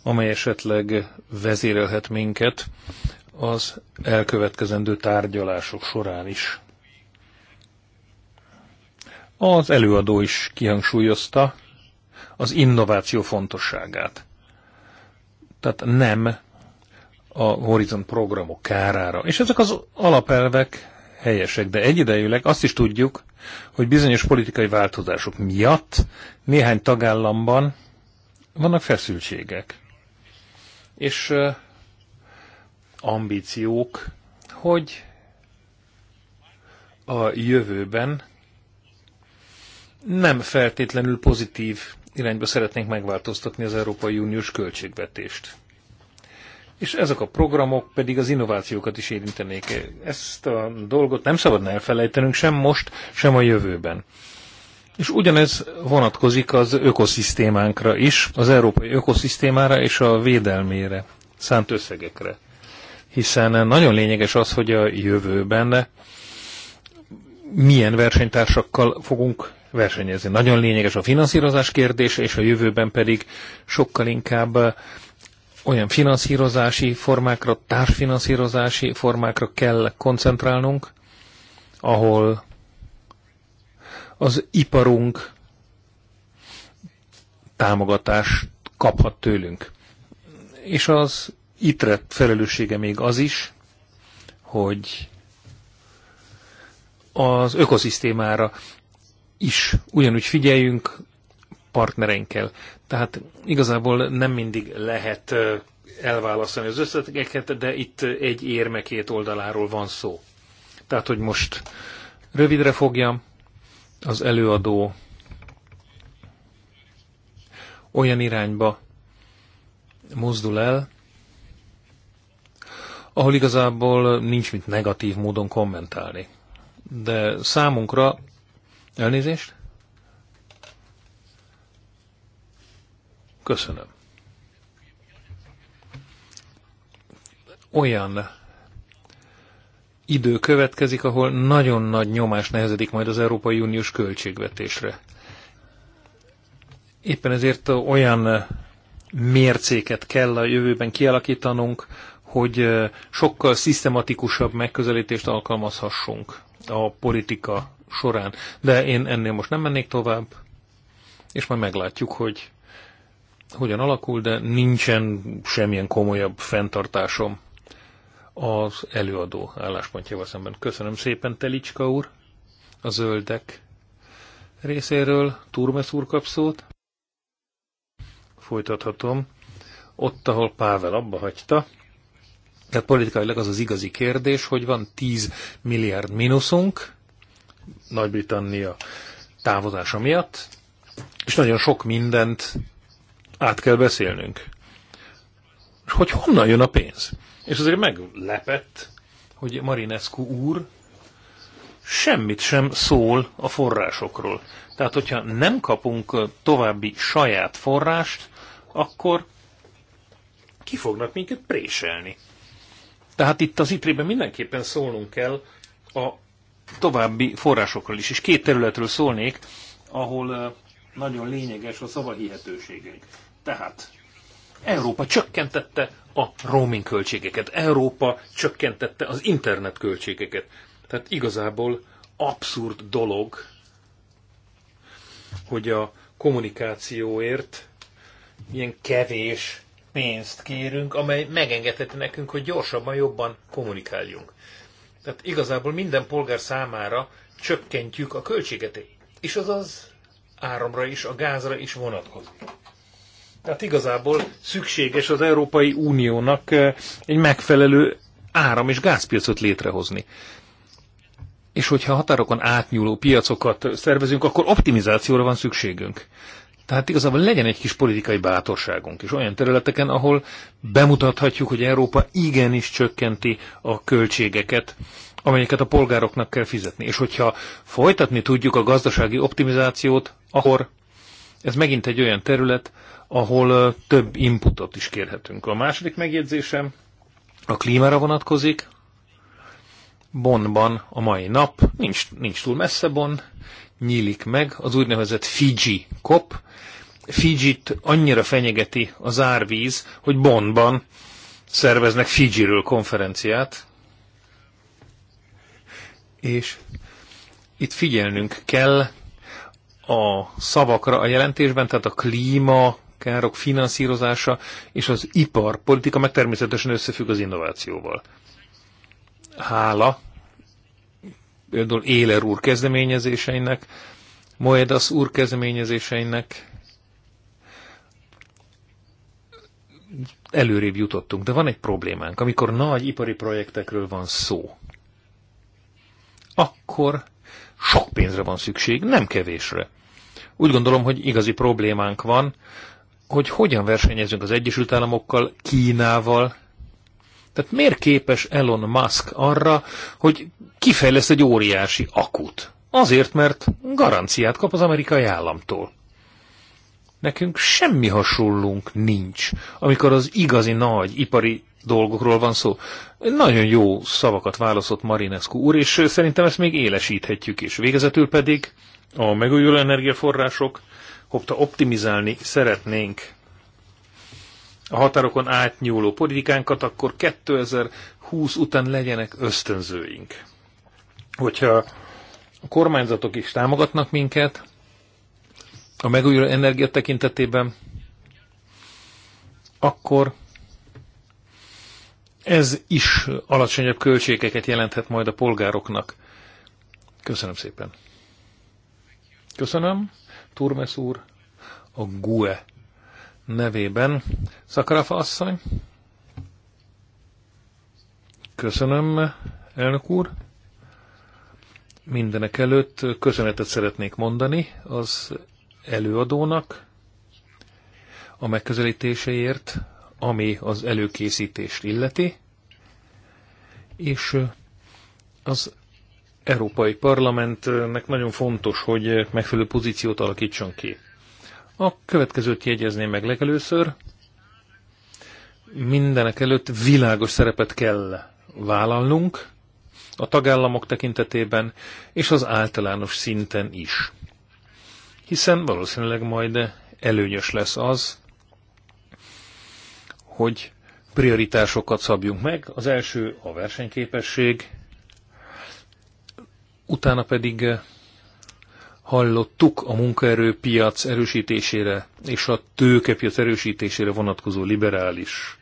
amely esetleg vezérelhet minket az elkövetkezendő tárgyalások során is. Az előadó is kihangsúlyozta az innováció fontosságát. Tehát nem a Horizon programok kárára. És ezek az alapelvek helyesek, de egyidejűleg azt is tudjuk, hogy bizonyos politikai változások miatt néhány tagállamban vannak feszültségek. És ambíciók, hogy a jövőben nem feltétlenül pozitív irányba szeretnénk megváltoztatni az Európai Uniós költségvetést. És ezek a programok pedig az innovációkat is érintenék. Ezt a dolgot nem szabadna elfelejtenünk sem most, sem a jövőben. És ugyanez vonatkozik az ökoszisztémánkra is, az európai ökoszisztémára és a védelmére szánt összegekre hiszen nagyon lényeges az, hogy a jövőben milyen versenytársakkal fogunk versenyezni. Nagyon lényeges a finanszírozás kérdése, és a jövőben pedig sokkal inkább olyan finanszírozási formákra, társfinanszírozási formákra kell koncentrálnunk, ahol az iparunk támogatást kaphat tőlünk. És az ITRE felelőssége még az is, hogy az ökoszisztémára is ugyanúgy figyeljünk partnereinkkel. Tehát igazából nem mindig lehet elválasztani az összetegeket, de itt egy érme két oldaláról van szó. Tehát, hogy most rövidre fogjam, az előadó olyan irányba mozdul el, ahol igazából nincs mit negatív módon kommentálni. De számunkra, elnézést? Köszönöm. Olyan idő következik, ahol nagyon nagy nyomás nehezedik majd az Európai Uniós költségvetésre. Éppen ezért olyan mércéket kell a jövőben kialakítanunk, hogy sokkal szisztematikusabb megközelítést alkalmazhassunk a politika során. De én ennél most nem mennék tovább, és majd meglátjuk, hogy hogyan alakul, de nincsen semmilyen komolyabb fenntartásom az előadó álláspontjával szemben. Köszönöm szépen, Telicska úr, a zöldek részéről. Turmes úr kap szót. Folytathatom. Ott, ahol Pável abba hagyta. Tehát politikailag az az igazi kérdés, hogy van 10 milliárd mínuszunk Nagy-Britannia távozása miatt, és nagyon sok mindent át kell beszélnünk. És hogy honnan jön a pénz? És azért meglepett, hogy Marinescu úr semmit sem szól a forrásokról. Tehát, hogyha nem kapunk további saját forrást, akkor ki fognak minket préselni. Tehát itt az IPRI-ben mindenképpen szólnunk kell a további forrásokról is, és két területről szólnék, ahol nagyon lényeges a szavahihetőségünk. Tehát Európa csökkentette a roaming költségeket, Európa csökkentette az internet költségeket. Tehát igazából abszurd dolog, hogy a kommunikációért ilyen kevés pénzt kérünk, amely megengedheti nekünk, hogy gyorsabban, jobban kommunikáljunk. Tehát igazából minden polgár számára csökkentjük a költséget, és az az áramra is, a gázra is vonatkozik. Tehát igazából szükséges az Európai Uniónak eh, egy megfelelő áram- és gázpiacot létrehozni. És hogyha határokon átnyúló piacokat szervezünk, akkor optimizációra van szükségünk. Tehát igazából legyen egy kis politikai bátorságunk is olyan területeken, ahol bemutathatjuk, hogy Európa igenis csökkenti a költségeket, amelyeket a polgároknak kell fizetni. És hogyha folytatni tudjuk a gazdasági optimizációt, akkor ez megint egy olyan terület, ahol több inputot is kérhetünk. A második megjegyzésem a klímára vonatkozik. Bonban a mai nap, nincs, nincs túl messze Bon, nyílik meg, az úgynevezett Fiji kop. Fijit annyira fenyegeti az árvíz, hogy Bonban szerveznek Fijiről konferenciát, és itt figyelnünk kell a szavakra a jelentésben, tehát a klíma, károk finanszírozása és az iparpolitika meg természetesen összefügg az innovációval. Hála például Éler úr kezdeményezéseinek, Moedas úr kezdeményezéseinek előrébb jutottunk, de van egy problémánk. Amikor nagy ipari projektekről van szó, akkor sok pénzre van szükség, nem kevésre. Úgy gondolom, hogy igazi problémánk van, hogy hogyan versenyezünk az Egyesült Államokkal, Kínával, tehát miért képes Elon Musk arra, hogy kifejleszt egy óriási akut? Azért, mert garanciát kap az amerikai államtól. Nekünk semmi hasonlunk nincs, amikor az igazi nagy ipari dolgokról van szó. Nagyon jó szavakat válaszolt Marinescu úr, és szerintem ezt még élesíthetjük is. Végezetül pedig a megújuló energiaforrások, hopta optimizálni szeretnénk a határokon átnyúló politikánkat, akkor 2020 után legyenek ösztönzőink. Hogyha a kormányzatok is támogatnak minket, a megújuló energia tekintetében, akkor ez is alacsonyabb költségeket jelenthet majd a polgároknak. Köszönöm szépen. Köszönöm, Turmes úr, a GUE nevében. Szakarafa asszony. Köszönöm, elnök úr. Mindenek előtt köszönetet szeretnék mondani az előadónak a megközelítéseért, ami az előkészítést illeti, és az Európai Parlamentnek nagyon fontos, hogy megfelelő pozíciót alakítson ki. A következőt jegyezném meg legelőször. Mindenek előtt világos szerepet kell vállalnunk a tagállamok tekintetében és az általános szinten is. Hiszen valószínűleg majd előnyös lesz az, hogy prioritásokat szabjunk meg. Az első a versenyképesség, utána pedig hallottuk a munkaerőpiac erősítésére és a tőkepiac erősítésére vonatkozó liberális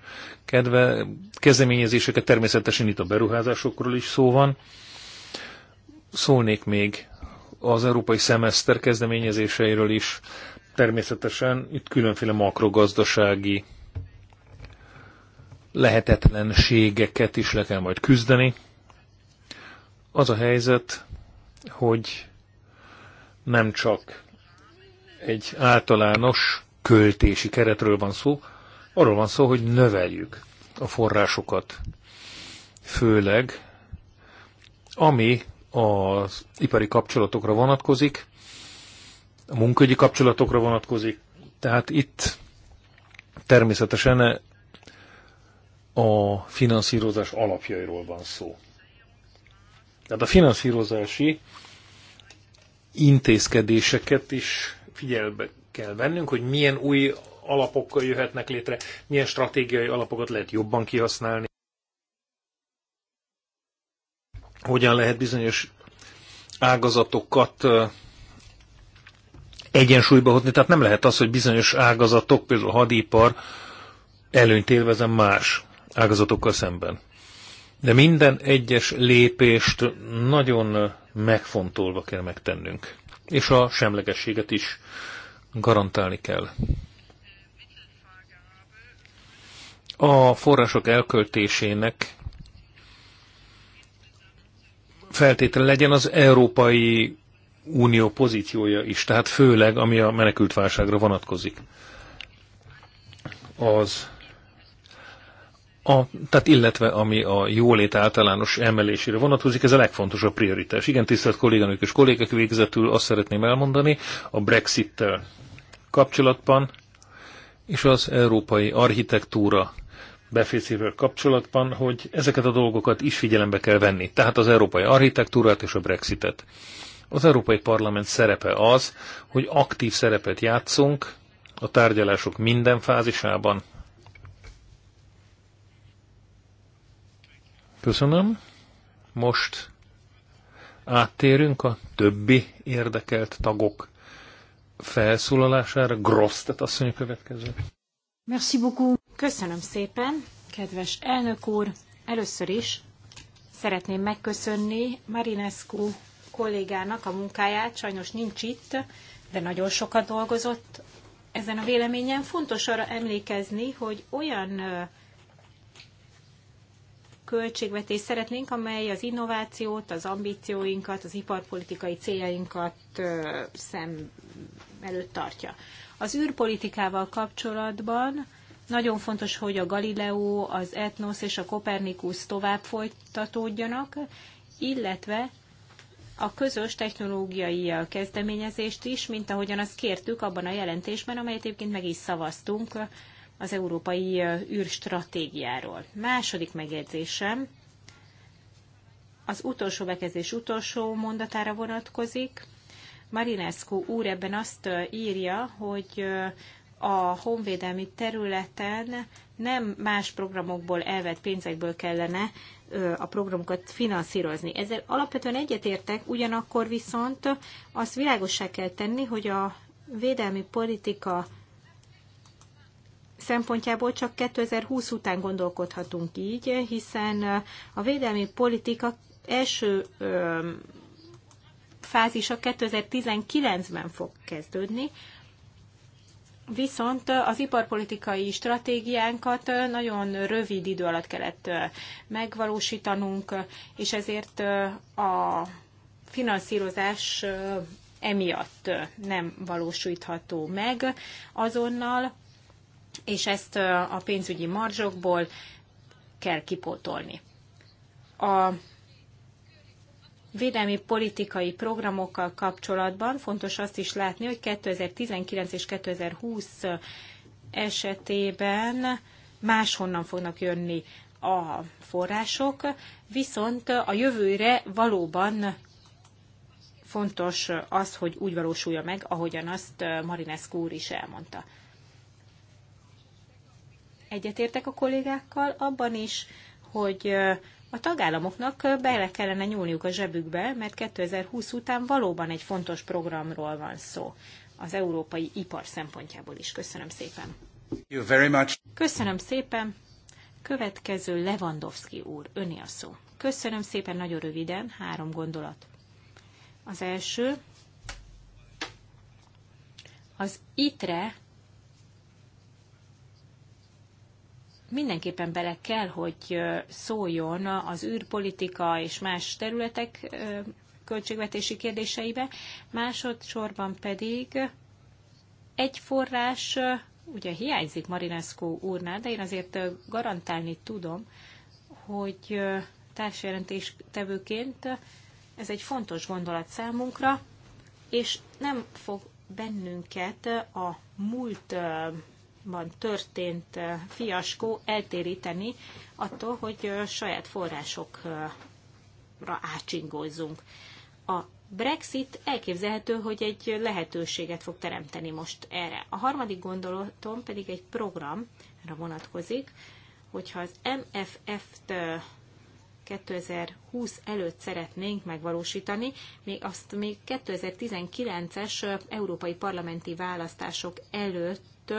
kedve, kezdeményezéseket, természetesen itt a beruházásokról is szó van. Szólnék még az európai szemeszter kezdeményezéseiről is. Természetesen itt különféle makrogazdasági lehetetlenségeket is le kell majd küzdeni. Az a helyzet, hogy nem csak egy általános költési keretről van szó, arról van szó, hogy növeljük a forrásokat, főleg ami az ipari kapcsolatokra vonatkozik, a munkahogyi kapcsolatokra vonatkozik. Tehát itt természetesen a finanszírozás alapjairól van szó. Tehát a finanszírozási intézkedéseket is figyelbe kell vennünk, hogy milyen új alapokkal jöhetnek létre, milyen stratégiai alapokat lehet jobban kihasználni, hogyan lehet bizonyos ágazatokat egyensúlyba hozni. Tehát nem lehet az, hogy bizonyos ágazatok, például a hadipar előnyt élvezem más ágazatokkal szemben. De minden egyes lépést nagyon megfontolva kell megtennünk. És a semlegességet is garantálni kell. A források elköltésének feltétele legyen az Európai Unió pozíciója is, tehát főleg ami a menekültválságra vonatkozik. Az a, tehát illetve ami a jólét általános emelésére vonatkozik, ez a legfontosabb prioritás. Igen, tisztelt kolléganők és kollégek, végzetül azt szeretném elmondani a Brexit-tel kapcsolatban és az európai architektúra befészével kapcsolatban, hogy ezeket a dolgokat is figyelembe kell venni, tehát az európai architektúrát és a Brexitet. Az Európai Parlament szerepe az, hogy aktív szerepet játszunk a tárgyalások minden fázisában, Köszönöm. Most áttérünk a többi érdekelt tagok felszólalására. Grosztet asszony következő. Merci beaucoup. Köszönöm szépen, kedves elnök úr. Először is szeretném megköszönni Marinescu kollégának a munkáját, sajnos nincs itt, de nagyon sokat dolgozott ezen a véleményen. Fontos arra emlékezni, hogy olyan költségvetést szeretnénk, amely az innovációt, az ambícióinkat, az iparpolitikai céljainkat szem előtt tartja. Az űrpolitikával kapcsolatban nagyon fontos, hogy a Galileo, az Etnos és a Kopernikus tovább folytatódjanak, illetve a közös technológiai kezdeményezést is, mint ahogyan azt kértük abban a jelentésben, amelyet egyébként meg is szavaztunk az európai űrstratégiáról. Második megjegyzésem az utolsó bekezdés utolsó mondatára vonatkozik. Marinescu úr ebben azt írja, hogy a honvédelmi területen nem más programokból elvett pénzekből kellene a programokat finanszírozni. Ezzel alapvetően egyetértek, ugyanakkor viszont azt világossá kell tenni, hogy a védelmi politika szempontjából csak 2020 után gondolkodhatunk így, hiszen a védelmi politika első fázisa 2019-ben fog kezdődni, Viszont az iparpolitikai stratégiánkat nagyon rövid idő alatt kellett megvalósítanunk, és ezért a finanszírozás emiatt nem valósítható meg azonnal, és ezt a pénzügyi marzsokból kell kipótolni. A védelmi politikai programokkal kapcsolatban fontos azt is látni, hogy 2019 és 2020 esetében máshonnan fognak jönni a források, viszont a jövőre valóban fontos az, hogy úgy valósulja meg, ahogyan azt Marinescu úr is elmondta. Egyetértek a kollégákkal abban is, hogy a tagállamoknak bele kellene nyúlniuk a zsebükbe, mert 2020 után valóban egy fontos programról van szó az európai ipar szempontjából is. Köszönöm szépen. Köszönöm szépen. Következő Lewandowski úr, öné a szó. Köszönöm szépen, nagyon röviden, három gondolat. Az első, az ITRE mindenképpen bele kell, hogy szóljon az űrpolitika és más területek költségvetési kérdéseibe, másodszorban pedig egy forrás ugye hiányzik Marinescu úrnál, de én azért garantálni tudom, hogy társjelentéstevőként ez egy fontos gondolat számunkra, és nem fog bennünket a múlt ban történt fiaskó eltéríteni attól, hogy saját forrásokra ácsingózzunk. A Brexit elképzelhető, hogy egy lehetőséget fog teremteni most erre. A harmadik gondolatom pedig egy programra vonatkozik, hogyha az MFF-t 2020 előtt szeretnénk megvalósítani, még azt még 2019-es európai parlamenti választások előtt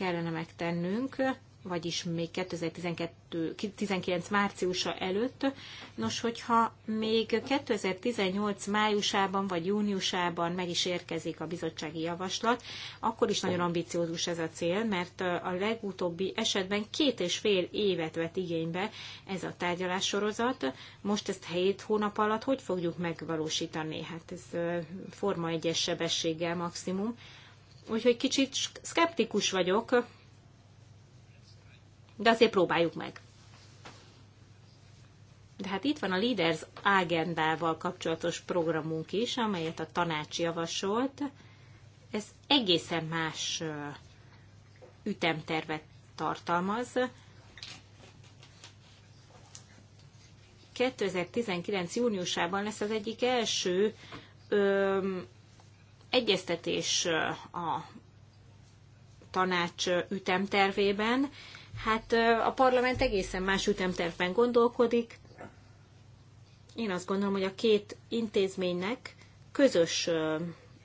kellene megtennünk, vagyis még 2012, 19 márciusa előtt. Nos, hogyha még 2018 májusában vagy júniusában meg is érkezik a bizottsági javaslat, akkor is nagyon ambiciózus ez a cél, mert a legutóbbi esetben két és fél évet vett igénybe ez a tárgyalássorozat. Most ezt hét hónap alatt hogy fogjuk megvalósítani? Hát ez forma egyes sebességgel maximum Úgyhogy kicsit szkeptikus vagyok, de azért próbáljuk meg. De hát itt van a Leaders agendával kapcsolatos programunk is, amelyet a tanács javasolt. Ez egészen más ütemtervet tartalmaz. 2019. júniusában lesz az egyik első egyeztetés a tanács ütemtervében. Hát a parlament egészen más ütemtervben gondolkodik. Én azt gondolom, hogy a két intézménynek közös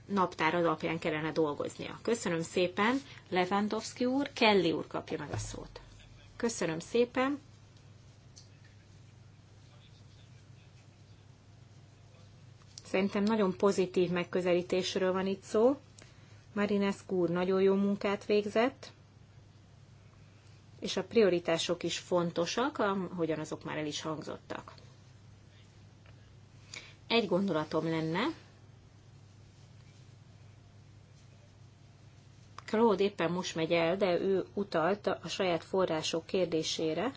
naptár alapján kellene dolgoznia. Köszönöm szépen, Lewandowski úr, Kelly úr kapja meg a szót. Köszönöm szépen. Szerintem nagyon pozitív megközelítésről van itt szó. Marines úr nagyon jó munkát végzett, és a prioritások is fontosak, ahogyan azok már el is hangzottak. Egy gondolatom lenne, Claude éppen most megy el, de ő utalt a saját források kérdésére.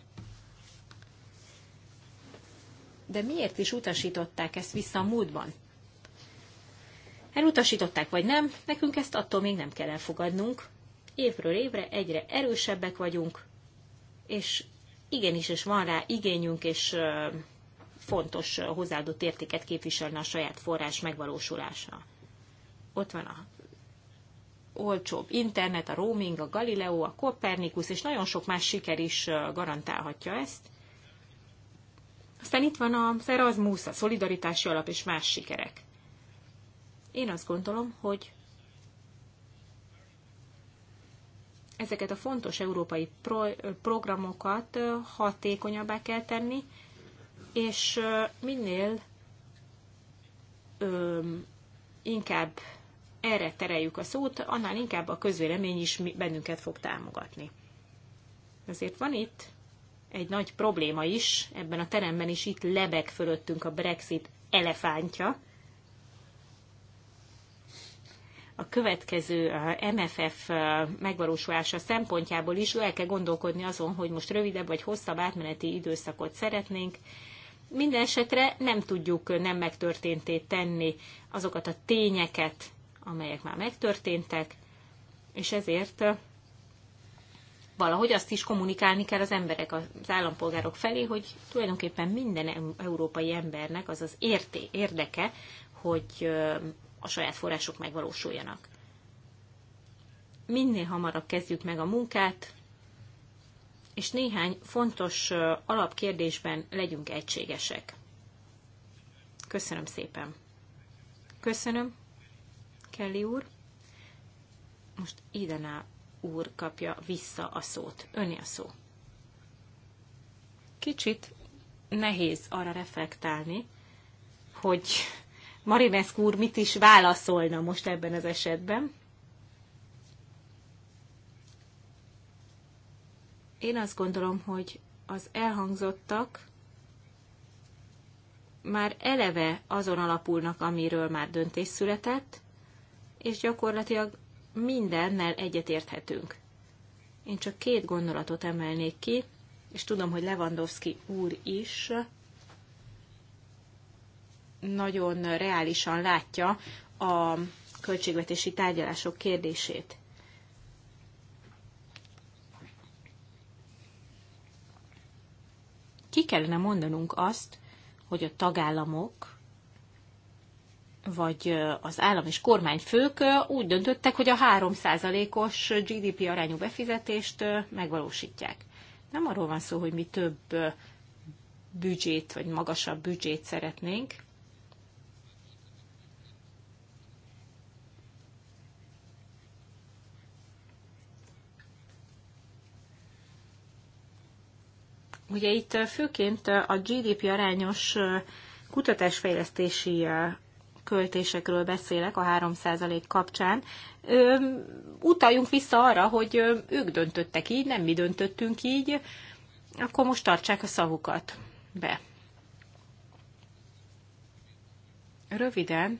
De miért is utasították ezt vissza a múltban? elutasították vagy nem, nekünk ezt attól még nem kell elfogadnunk. Évről évre egyre erősebbek vagyunk, és igenis, és van rá igényünk, és fontos hozzáadott értéket képviselni a saját forrás megvalósulása. Ott van a olcsóbb internet, a roaming, a Galileo, a Copernicus, és nagyon sok más siker is garantálhatja ezt. Aztán itt van az Erasmus, a szolidaritási alap és más sikerek. Én azt gondolom, hogy ezeket a fontos európai pro- programokat hatékonyabbá kell tenni, és minél öm, inkább erre tereljük a szót, annál inkább a közvélemény is bennünket fog támogatni. Azért van itt egy nagy probléma is, ebben a teremben is itt lebeg fölöttünk a Brexit elefántja, a következő MFF megvalósulása szempontjából is el kell gondolkodni azon, hogy most rövidebb vagy hosszabb átmeneti időszakot szeretnénk. Minden esetre nem tudjuk nem megtörténtét tenni azokat a tényeket, amelyek már megtörténtek, és ezért valahogy azt is kommunikálni kell az emberek, az állampolgárok felé, hogy tulajdonképpen minden európai embernek az az érté, érdeke, hogy a saját források megvalósuljanak. Minél hamarabb kezdjük meg a munkát, és néhány fontos alapkérdésben legyünk egységesek. Köszönöm szépen. Köszönöm, Kelly úr. Most Idená úr kapja vissza a szót. Öné a szó. Kicsit nehéz arra reflektálni, hogy Marinescu úr mit is válaszolna most ebben az esetben. Én azt gondolom, hogy az elhangzottak már eleve azon alapulnak, amiről már döntés született, és gyakorlatilag mindennel egyetérthetünk. Én csak két gondolatot emelnék ki, és tudom, hogy Lewandowski úr is nagyon reálisan látja a költségvetési tárgyalások kérdését. Ki kellene mondanunk azt, hogy a tagállamok vagy az állam és kormányfők úgy döntöttek, hogy a 3%-os GDP arányú befizetést megvalósítják. Nem arról van szó, hogy mi több büdzsét vagy magasabb büdzsét szeretnénk, Ugye itt főként a GDP arányos kutatásfejlesztési költésekről beszélek a 3% kapcsán. utaljunk vissza arra, hogy ők döntöttek így, nem mi döntöttünk így, akkor most tartsák a szavukat be. Röviden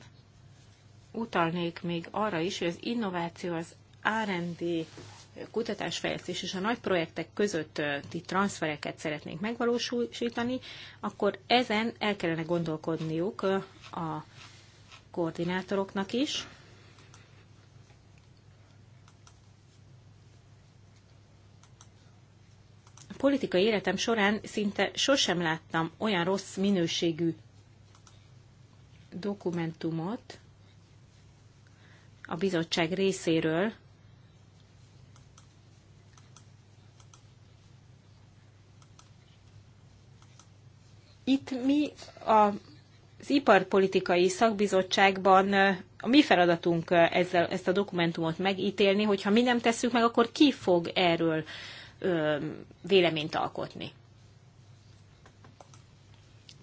utalnék még arra is, hogy az innováció az R&D kutatásfejlesztés és a nagy projektek közötti transfereket szeretnénk megvalósítani, akkor ezen el kellene gondolkodniuk a koordinátoroknak is. A politikai életem során szinte sosem láttam olyan rossz minőségű dokumentumot a bizottság részéről, Itt mi a az iparpolitikai szakbizottságban a mi feladatunk ezzel, ezt a dokumentumot megítélni, hogyha mi nem tesszük meg, akkor ki fog erről ö, véleményt alkotni?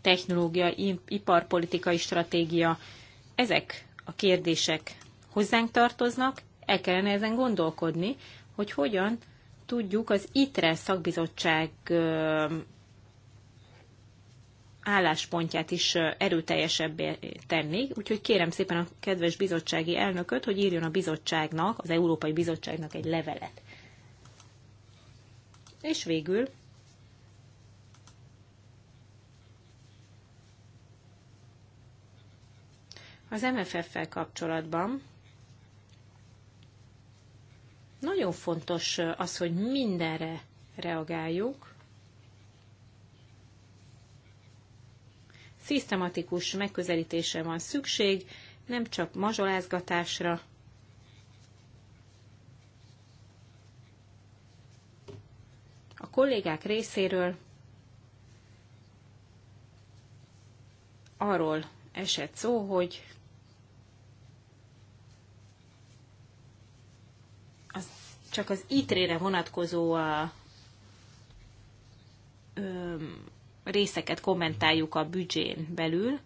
Technológia, iparpolitikai stratégia, ezek a kérdések hozzánk tartoznak, el kellene ezen gondolkodni, hogy hogyan tudjuk az ITRE szakbizottság álláspontját is erőteljesebbé tenni. Úgyhogy kérem szépen a kedves bizottsági elnököt, hogy írjon a bizottságnak, az Európai Bizottságnak egy levelet. És végül az MFF-fel kapcsolatban nagyon fontos az, hogy mindenre reagáljuk. szisztematikus megközelítésre van szükség, nem csak mazsolázgatásra, a kollégák részéről arról esett szó, hogy az, csak az itrére vonatkozó a, öm, részeket kommentáljuk a büdzsén belül.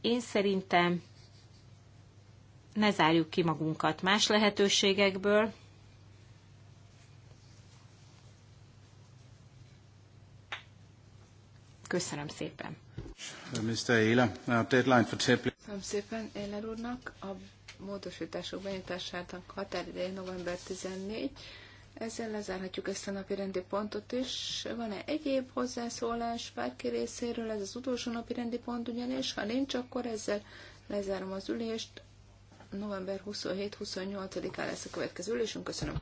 Én szerintem ne zárjuk ki magunkat más lehetőségekből. Köszönöm szépen. a deadline for Köszönöm szépen Éler úrnak. A módosítások benyitásának határideje november 14. Ezzel lezárhatjuk ezt a napi rendi pontot is. Van-e egyéb hozzászólás bárki részéről? Ez az utolsó napi rendi pont ugyanis. Ha nincs, akkor ezzel lezárom az ülést. November 27-28-án lesz a következő ülésünk. Köszönöm.